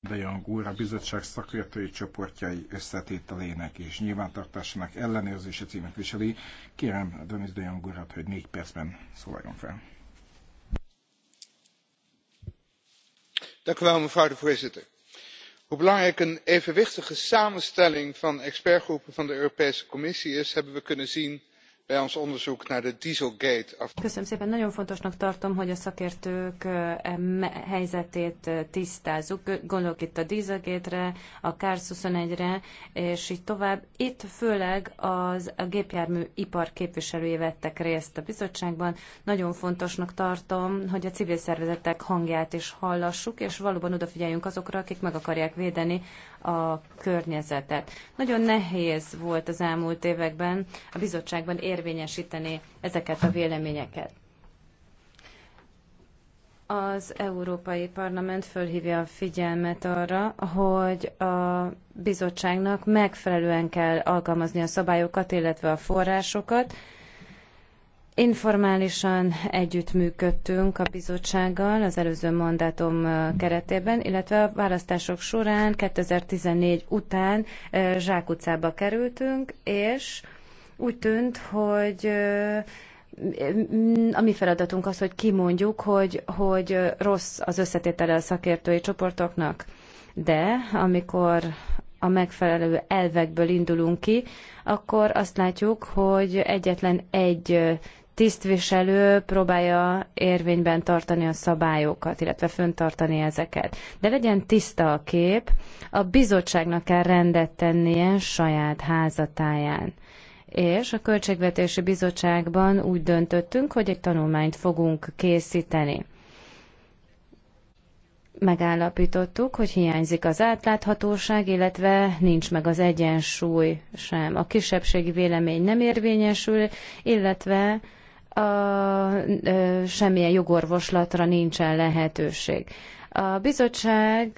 De Jong úr a bizottság szakértői csoportjai összetételének és nyilvántartásának ellenőrzése címet viseli. Kérem Dönis De Jong urat, hogy négy percben szólaljon fel. Dank u wel, mevrouw de voorzitter. Hoe belangrijk een evenwichtige samenstelling van expertgroepen van de Europese Commissie is, hebben we kunnen zien bij ons onderzoek naar de dieselgate. Köszönöm szépen, nagyon fontosnak tartom, hogy a szakértők e, helyzetét tisztázzuk. Gondolok itt a dieselgate-re, a CARS 21-re, és így tovább. Itt főleg az a gépjármű ipar képviselői vettek részt a bizottságban. Nagyon fontosnak tartom, hogy a civil szervezetek hangját is hallassuk, és valóban odafigyeljünk azokra, akik meg akarják védeni a környezetet. Nagyon nehéz volt az elmúlt években a bizottságban érvényesíteni ezeket a véleményeket. Az Európai Parlament fölhívja a figyelmet arra, hogy a bizottságnak megfelelően kell alkalmazni a szabályokat, illetve a forrásokat, Informálisan együttműködtünk a bizottsággal az előző mandátum keretében, illetve a választások során 2014 után zsákutcába kerültünk, és úgy tűnt, hogy a mi feladatunk az, hogy kimondjuk, hogy, hogy rossz az összetétele a szakértői csoportoknak. De amikor a megfelelő elvekből indulunk ki, akkor azt látjuk, hogy egyetlen egy tisztviselő próbálja érvényben tartani a szabályokat, illetve föntartani ezeket. De legyen tiszta a kép, a bizottságnak kell rendet tennie saját házatáján. És a Költségvetési Bizottságban úgy döntöttünk, hogy egy tanulmányt fogunk készíteni megállapítottuk, hogy hiányzik az átláthatóság, illetve nincs meg az egyensúly sem. A kisebbségi vélemény nem érvényesül, illetve a, ö, semmilyen jogorvoslatra nincsen lehetőség. A bizottság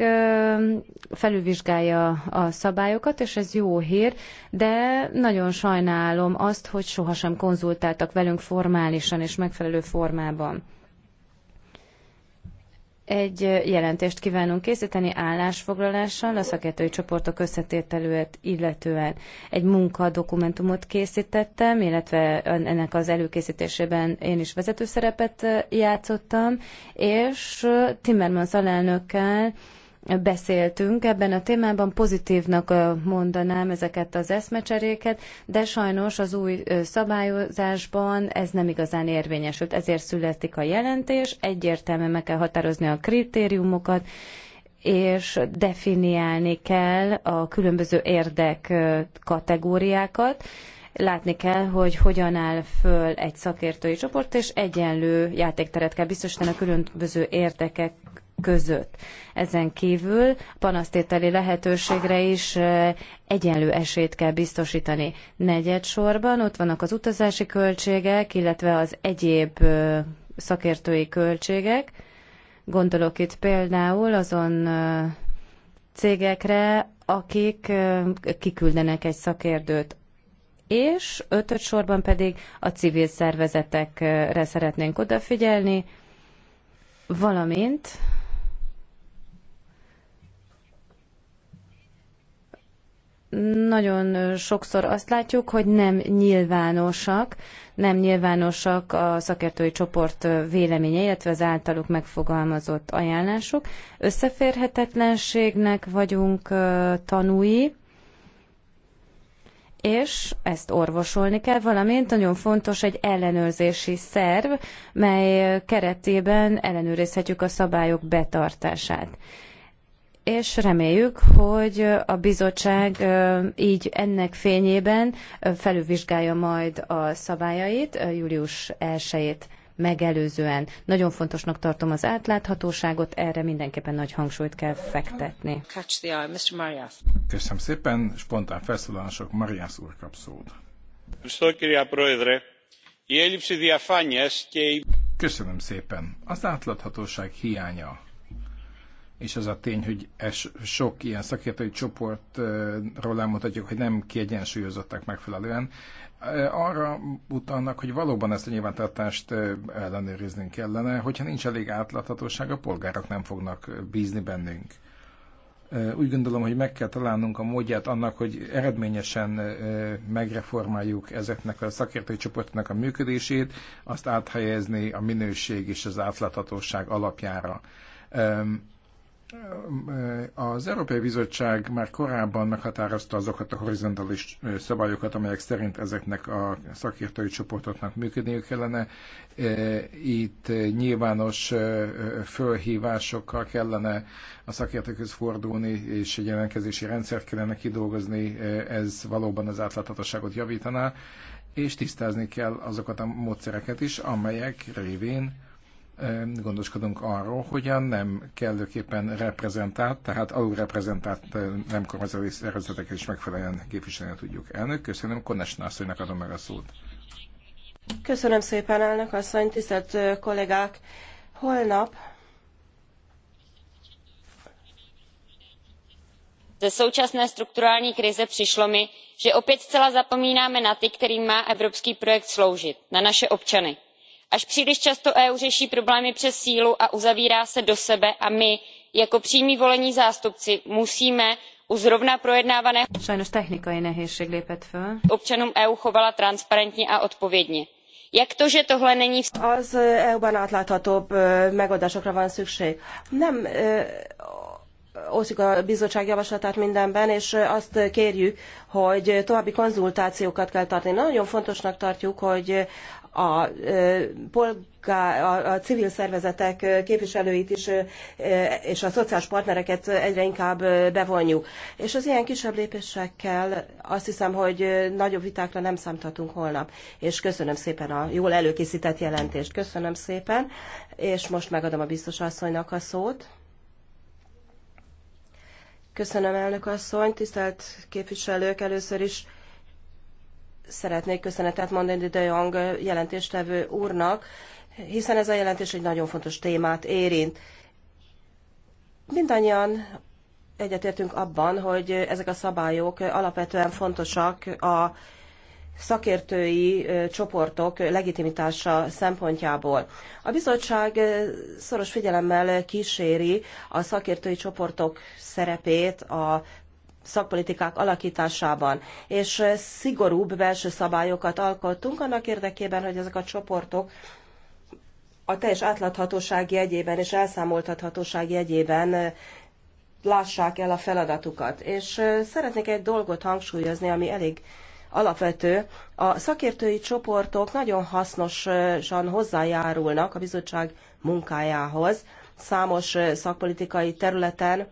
felülvizsgálja a szabályokat, és ez jó hír, de nagyon sajnálom azt, hogy sohasem konzultáltak velünk formálisan és megfelelő formában. Egy jelentést kívánunk készíteni állásfoglalással a szakértői csoportok összetételőet illetően. Egy munkadokumentumot készítettem, illetve ennek az előkészítésében én is vezető szerepet játszottam, és Timmermans alelnökkel beszéltünk ebben a témában, pozitívnak mondanám ezeket az eszmecseréket, de sajnos az új szabályozásban ez nem igazán érvényesült, ezért születik a jelentés, egyértelműen meg kell határozni a kritériumokat, és definiálni kell a különböző érdek kategóriákat, látni kell, hogy hogyan áll föl egy szakértői csoport, és egyenlő játékteret kell biztosítani a különböző érdekek között. Ezen kívül panasztételi lehetőségre is egyenlő esélyt kell biztosítani. Negyed sorban ott vannak az utazási költségek, illetve az egyéb szakértői költségek. Gondolok itt például azon cégekre, akik kiküldenek egy szakértőt és ötöt sorban pedig a civil szervezetekre szeretnénk odafigyelni, valamint nagyon sokszor azt látjuk, hogy nem nyilvánosak, nem nyilvánosak a szakértői csoport véleménye, illetve az általuk megfogalmazott ajánlások. Összeférhetetlenségnek vagyunk tanúi, és ezt orvosolni kell, valamint nagyon fontos egy ellenőrzési szerv, mely keretében ellenőrizhetjük a szabályok betartását és reméljük, hogy a bizottság így ennek fényében felülvizsgálja majd a szabályait július 1-ét megelőzően. Nagyon fontosnak tartom az átláthatóságot, erre mindenképpen nagy hangsúlyt kell fektetni. Köszönöm szépen, spontán felszólalások, Marias úr kap szót. Köszönöm szépen. Az átláthatóság hiánya és az a tény, hogy ez sok ilyen szakértői csoportról elmutatjuk, hogy nem kiegyensúlyozottak megfelelően, arra utalnak, hogy valóban ezt a nyilvántartást ellenőrizni kellene, hogyha nincs elég átláthatóság, a polgárok nem fognak bízni bennünk. Úgy gondolom, hogy meg kell találnunk a módját annak, hogy eredményesen megreformáljuk ezeknek a szakértői csoportnak a működését, azt áthelyezni a minőség és az átláthatóság alapjára az Európai Bizottság már korábban meghatározta azokat a horizontális szabályokat, amelyek szerint ezeknek a szakértői csoportoknak működniük kellene. Itt nyilvános fölhívásokkal kellene a szakértőkhöz fordulni, és egy jelentkezési rendszert kellene kidolgozni, ez valóban az átláthatóságot javítaná, és tisztázni kell azokat a módszereket is, amelyek révén gondoskodunk arról, hogy a nem kellőképpen reprezentált, tehát alulreprezentált nem kormányzati szervezeteket is megfelelően képviselni tudjuk. Elnök, köszönöm, Konesna asszonynak adom meg a szót. Köszönöm szépen, elnök asszony, tisztelt kollégák! Holnap ze současné strukturální krize přišlo mi že opět zcela zapomínáme na ty kterým má evropský projekt sloužit na naše občany až příliš často eu řeší problémy přes sílu a uzavírá se do sebe a my jako přímí volení zástupci musíme u zrovna projednávaného občanům eu chovala transparentně a odpovědně. jak to že tohle není. az e osztjuk a bizottság javaslatát mindenben, és azt kérjük, hogy további konzultációkat kell tartani. Nagyon fontosnak tartjuk, hogy a, polgár, a, civil szervezetek képviselőit is, és a szociális partnereket egyre inkább bevonjuk. És az ilyen kisebb lépésekkel azt hiszem, hogy nagyobb vitákra nem számíthatunk holnap. És köszönöm szépen a jól előkészített jelentést. Köszönöm szépen, és most megadom a biztos asszonynak a szót. Köszönöm, elnök asszony, tisztelt képviselők, először is szeretnék köszönetet mondani De Jong jelentéstevő úrnak, hiszen ez a jelentés egy nagyon fontos témát érint. Mindannyian egyetértünk abban, hogy ezek a szabályok alapvetően fontosak a szakértői csoportok legitimitása szempontjából. A bizottság szoros figyelemmel kíséri a szakértői csoportok szerepét a szakpolitikák alakításában, és eh, szigorúbb belső szabályokat alkottunk annak érdekében, hogy ezek a csoportok a teljes átláthatóság jegyében és elszámoltathatóság jegyében eh, lássák el a feladatukat. És eh, szeretnék egy dolgot hangsúlyozni, ami elég alapvető. A szakértői csoportok nagyon hasznosan hozzájárulnak a bizottság munkájához számos szakpolitikai területen,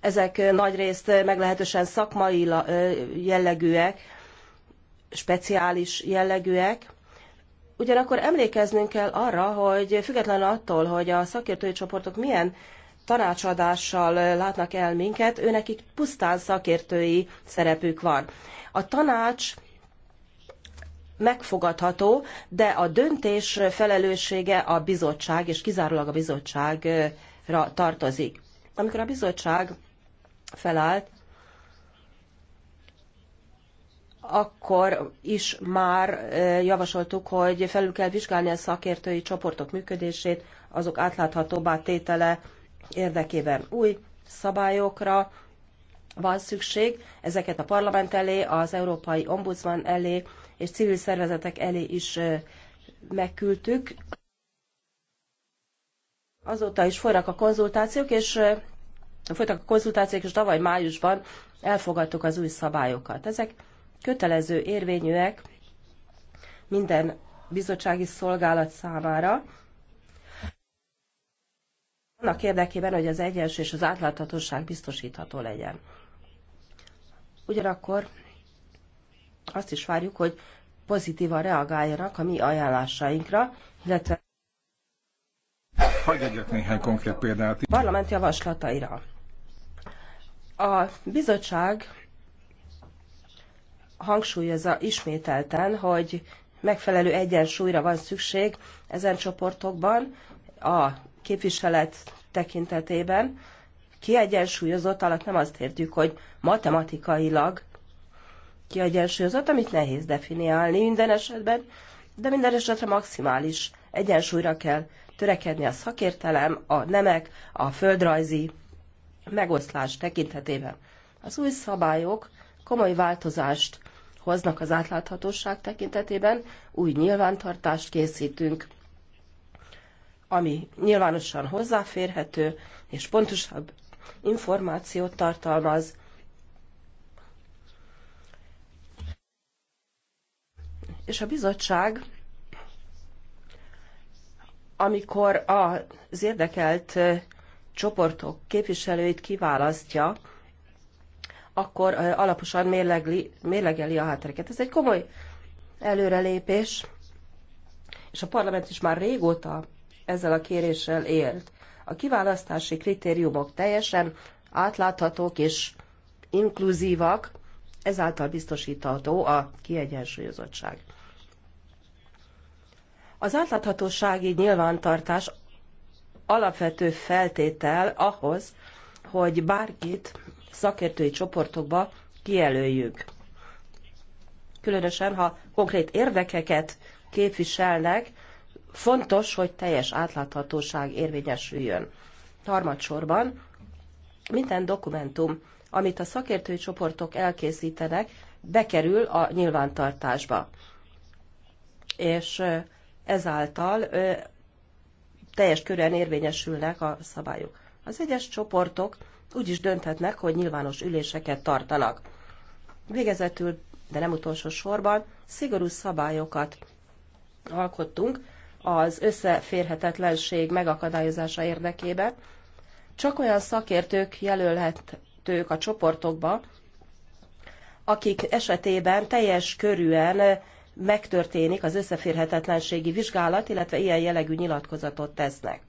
ezek nagyrészt meglehetősen szakmai jellegűek, speciális jellegűek. Ugyanakkor emlékeznünk kell arra, hogy függetlenül attól, hogy a szakértői csoportok milyen tanácsadással látnak el minket, őnekik pusztán szakértői szerepük van. A tanács megfogadható, de a döntés felelőssége a bizottság, és kizárólag a bizottságra tartozik. Amikor a bizottság felállt, akkor is már javasoltuk, hogy felül kell vizsgálni a szakértői csoportok működését, azok átláthatóbbá tétele érdekében új szabályokra van szükség, ezeket a parlament elé, az Európai Ombudsman elé és civil szervezetek elé is megküldtük. Azóta is folynak a konzultációk, és folytak a konzultációk, és tavaly májusban elfogadtuk az új szabályokat. Ezek kötelező érvényűek minden bizottsági szolgálat számára, annak érdekében, hogy az egyensúly és az átláthatóság biztosítható legyen. Ugyanakkor azt is várjuk, hogy pozitívan reagáljanak a mi ajánlásainkra, illetve Hagyj egyet néhány konkrét példát. Parlament javaslataira. A bizottság hangsúlyozza ismételten, hogy megfelelő egyensúlyra van szükség ezen csoportokban a képviselet tekintetében. Kiegyensúlyozott alatt nem azt értjük, hogy matematikailag kiegyensúlyozott, amit nehéz definiálni minden esetben, de minden esetre maximális egyensúlyra kell törekedni a szakértelem, a nemek, a földrajzi megoszlás tekintetében. Az új szabályok komoly változást hoznak az átláthatóság tekintetében, új nyilvántartást készítünk, ami nyilvánosan hozzáférhető és pontosabb információt tartalmaz. És a bizottság, amikor az érdekelt csoportok képviselőit kiválasztja, akkor alaposan mérlegli, mérlegeli a háttereket. Ez egy komoly előrelépés, és a parlament is már régóta ezzel a kéréssel élt. A kiválasztási kritériumok teljesen átláthatók és inkluzívak, ezáltal biztosítható a kiegyensúlyozottság. Az átláthatósági nyilvántartás alapvető feltétel ahhoz, hogy bárkit szakértői csoportokba kijelöljük. Különösen, ha konkrét érdekeket képviselnek, fontos, hogy teljes átláthatóság érvényesüljön. Harmadsorban minden dokumentum, amit a szakértői csoportok elkészítenek, bekerül a nyilvántartásba. És ezáltal teljes körűen érvényesülnek a szabályok. Az egyes csoportok úgy is dönthetnek, hogy nyilvános üléseket tartanak. Végezetül, de nem utolsó sorban, szigorú szabályokat alkottunk az összeférhetetlenség megakadályozása érdekében. Csak olyan szakértők jelölhetők a csoportokba, akik esetében teljes körűen megtörténik az összeférhetetlenségi vizsgálat, illetve ilyen jellegű nyilatkozatot tesznek.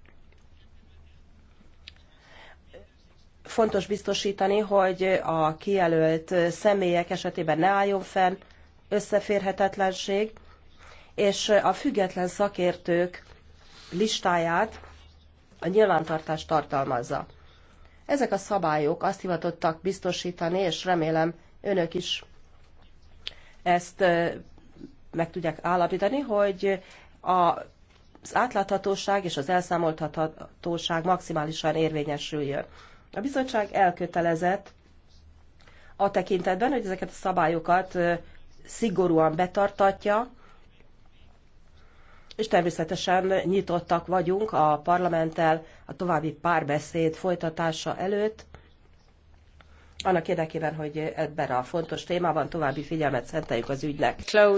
Fontos biztosítani, hogy a kijelölt személyek esetében ne álljon fenn összeférhetetlenség, és a független szakértők listáját a nyilvántartás tartalmazza. Ezek a szabályok azt hivatottak biztosítani, és remélem önök is ezt meg tudják állapítani, hogy a az átláthatóság és az elszámoltathatóság maximálisan érvényesüljön. A bizottság elkötelezett a tekintetben, hogy ezeket a szabályokat szigorúan betartatja, és természetesen nyitottak vagyunk a parlamenttel a további párbeszéd folytatása előtt, annak érdekében, hogy ebben a fontos témában további figyelmet szenteljük az ügynek. Close.